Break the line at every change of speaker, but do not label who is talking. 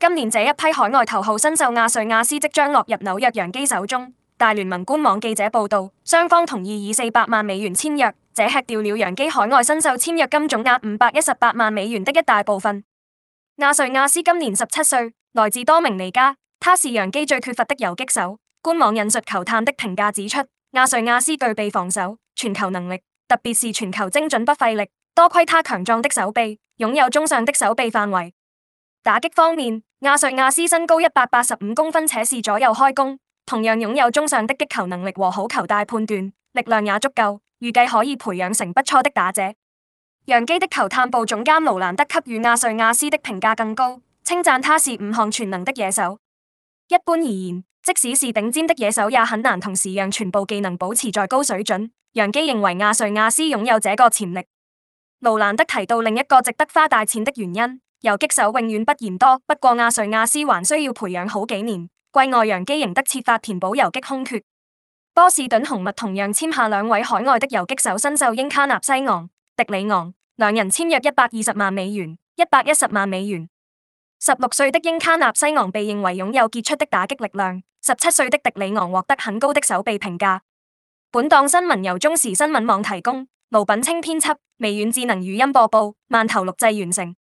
今年這一批海外頭號新秀阿瑞亞斯即將落入紐約洋基手中。大聯盟官網記者報道，雙方同意以四百萬美元簽約，這吃掉了洋基海外新秀簽約金總額五百一十八萬美元的一大部分。阿瑞亞斯今年十七歲，來自多明尼加，他是洋基最缺乏的游擊手。官網引述球探的評價指出，阿瑞亞斯具備防守傳球能力，特別是傳球精準不費力，多虧他強壯的手臂，擁有中上的手臂範圍。打擊方面。亞瑞亞斯身高一百八十五公分，且是左右開弓，同樣擁有中上的擊球能力和好球帶判斷，力量也足夠，預計可以培養成不錯的打者。洋基的球探部總監勞蘭德給予亞瑞亞斯的評價更高，稱讚他是五項全能的野手。一般而言，即使是頂尖的野手也很難同時讓全部技能保持在高水準。洋基認為亞瑞亞斯擁有這個潛力。勞蘭德提到另一個值得花大錢的原因。遊擊手永遠不嫌多，不過亞瑞亞斯還需要培養好幾年，貴外洋基仍得設法填補遊擊空缺。波士頓紅襪同樣簽下兩位海外的遊擊手，新秀英卡納西昂、迪里昂，兩人簽約一百二十萬美元、一百一十萬美元。十六歲的英卡納西昂被認為擁有傑出的打擊力量，十七歲的迪里昂獲得很高的手臂評價。本檔新聞由中時新聞網提供，盧品清編輯，微軟智能語音播報，慢頭錄製完成。